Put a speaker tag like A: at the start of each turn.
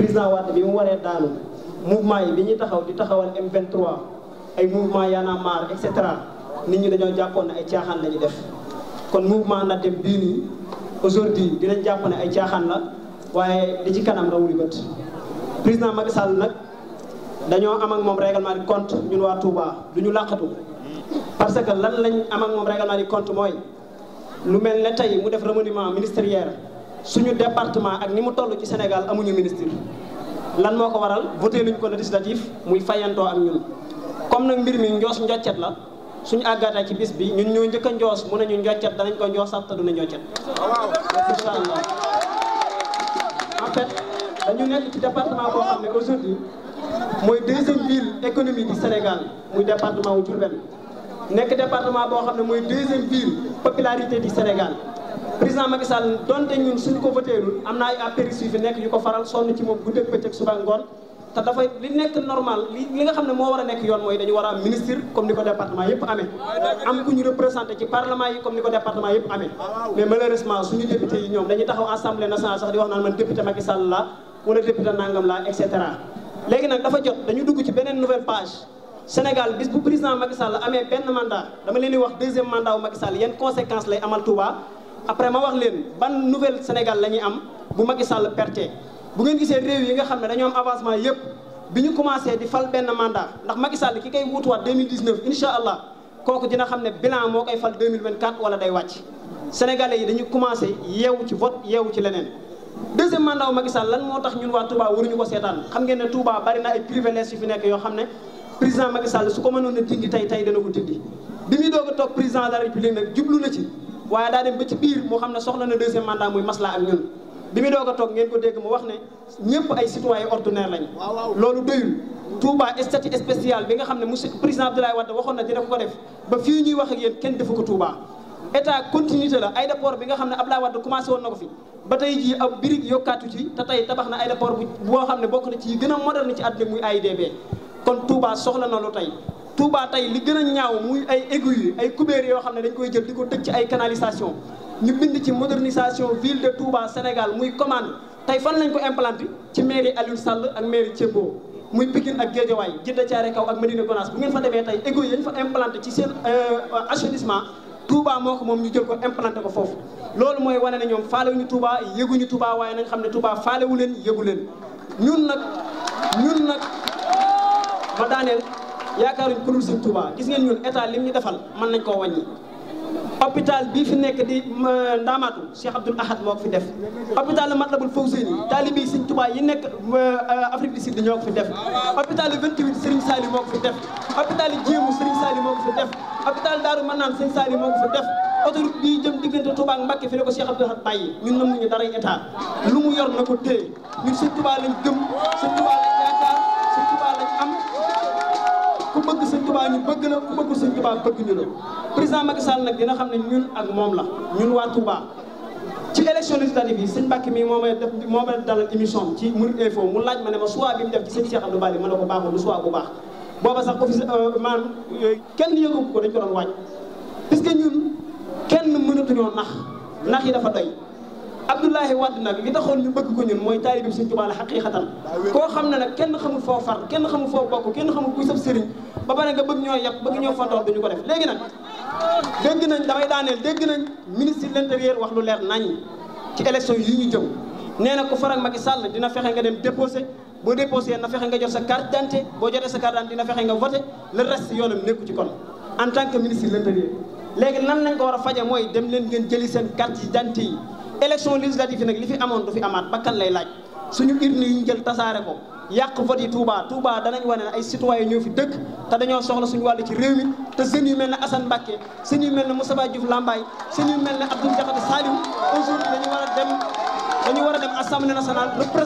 A: président waat bi mu waree daanu mouvement yi bi ñuy taxaw di taxawal M23 ay mouvement Y'en a marre et cetera nit ñi dañoo jàppoon na ay caaxaan la ñu def kon mouvement na dem bii nii aujourd'hui dinañ jàpp ne ay caaxaan la waaye di ci kanam rawuli bët président Macky nag dañoo am ak moom règlement de compte ñun waa Touba du ñu làqatu parce que lan lañ am ak moom règlement de compte mooy lu mel ne tey mu def remaniement ministériel suñu département ak ni mu toll ci Sénégal amuñu ministre lan moo ko waral voté luñ ko législatif muy fayantoo ak ñun comme nag mbir mi njoos njoccet la suñu àggaatee ci bis bi ñun ñoo njëkk njoos mun ne ñu njoccet danañ ko njoos sax te duna njoccet incha allah en fait dañu nekk ci boo xam ne aujourd'hui mooy deuxième ville économique du Sénégal muy département wu Diourbel nekk département boo xam ne mooy deuxième ville popularité du Sénégal président Macky Sall donte ñun suñ ko voteelul am na ay apéris nekk yu ko faral sonn ci moom guddeeg bëccëg suba ngoon te dafay li nekk normal li nga xam ne moo war a nekk yoon mooy dañu war a am ministre comme ni ko département yëpp amee am ku ñu représenté ci parlement yi comme ni ko département yëpp amee mais malheureusement suñu député yi ñoom dañuy taxaw assemblée nationale sax di wax naan man député Macky Sall la wala député nangam la et cetera après ma wax leen ban nouvelle Sénégal la am bu Macky Sall perte bu ngeen gisee réew yi nga xam ne dañoo am avancement yëpp bi ñu commencé di fal benn mandat ndax Macky Sall ki koy wuutuwaat 2019 incha allah kooku dina xam ne bilan moo koy fal 2024 wala day wàcc sénégalais yi dañu commencé yeewu ci vote yeewu ci leneen. deuxième mandat wu Macky Sall lan moo tax ñun waa Touba waruñu ko seetaan xam ngeen ne Touba bari na ay privilèges yu fi nekk yoo xam ne président Macky Sall su ko mënoon a dindi tey tey dana a jublu na ci. waaye daa dem ba ci biir moo xam ne soxla na deuxième mandat muy maslaa ak ñun bi muy doog a toog ngeen ko dégg mu wax ne ñëpp ay citoyen ordinaire lañu loolu doyul Touba statut spécial bi nga xam ne monsieur président Abdoulaye waxoon na dina ko ko def ba fii ñuy wax ak kenn defu ko Touba état continuité la aéroport bi nga xam ne Abdoulaye Wade commencé woon na ko fi ba tey jii ab birig yokkaatu ci te tey tabax na aéroport bu boo xam ne bokk na ci gën a moderne ci àdduna muy AIBD kon Touba soxla na lu tey Touba tey li gën a ñaaw muy ay égout ay kubéer yoo xam ne dañ koy jël di ko tëj ci ay canalisation ñu bind ci modernisation ville de Touba Sénégal muy commande tey fan lañ ko implanté ci mairie Aliou Sall ak mairie Thiembo muy Pikine ak Guédiawaye Djeddah Thiaroye Kaw ak Médina Gounass bu ngeen fa demee tey égout yi dañ fa implanté ci seen euh, assainissement Touba moo ko moom ñu jël ko implanté ko foofu loolu mooy wane ne ñoom faalewuñu Touba yëguñu Touba waaye nañ xam ne Touba faalewu leen yëgu leen ñun nag ñun nag ma daaneel yaakaaruñ ku dul sëñ Touba gis ngeen ñun état lim ñu defal mën nañ koo wàññi. hôpital bii fi nekk di ndaamaatu Cheikh Abdoul Ahad moo ko fi def hôpital Matlaboul Fawzeyni taalibi sëñ Touba yi nekk euh, Afrique du Sud ñoo ko fi def. hôpital 28 Serigne Sali moo ko fi def hôpital Jéemu Serigne Sali moo ko fi def hôpital Daaru Manaan Serigne Sali moo bii jëm diggante Touba ak Mbacké fi la ko Cheikh Ahad bàyyi ñun nam ñu dara état lu mu yor na ko téye ñun sëñ lañ gëm ñu bëgg la ku bëgg Sëñ Tuubaa bëgg ñu la président Macky Sall nag dina xam ne ñun ak moom la ñun waa Touba. ci élection législative yi sëñ Mbacke mii moo may def moo may dalal émission ci Mouride Info mu laaj ma ne ma choix bi mu def ci sëñ Cheikh Abdou Bali ma ne ko baaxul lu choix bu baax booba sax office euh, maanaam kenn yëngu ko dañ ko doon waaj parce que ñun kenn mënatuñoo nax nax yi dafa doy. Abdoulaye Wade nag li taxoon ñu bëgg ko ñun mooy taalibe bi Sëñ Tuubaa la xaqiiqatan koo xam ne nag kenn xamul foo far kenn xamul foo bokk kenn xamul kuy sab sëriñ ba pare nga bëgg ñoo yàpp bëgg ñoo fondoor duñu ko def léegi nag dégg nañ damay daaneel dégg nañ ministre de l'intérieur wax lu leer nañ ci élection yi ñu jëm nee na ku far ak Macky Sall dina fexe nga dem déposé boo déposé na fexe nga jot sa carte d'identité boo jotee sa carte d'identité dina fexe nga voté le reste yoonam nekku ci kon en tant que nan lañ ko war a faje mooy dem leen ngeen jëli seen carte d'identité yi élection législative yi nag li fi amoon du fi amaat bakkan lay laaj suñu urne yi ñu tasaare ko yàq vote yi Touba Touba wane ne ay citoyen ñoo fi dëkk te dañoo soxla suñu wàllu ci réew te seen mel ne Assane Mbacké seen mel ne Moustapha Diouf Lambaye seen mel ne Abdou Diakhaté Saliou aujourd'hui dañu a dañu war a dem assemblée nationale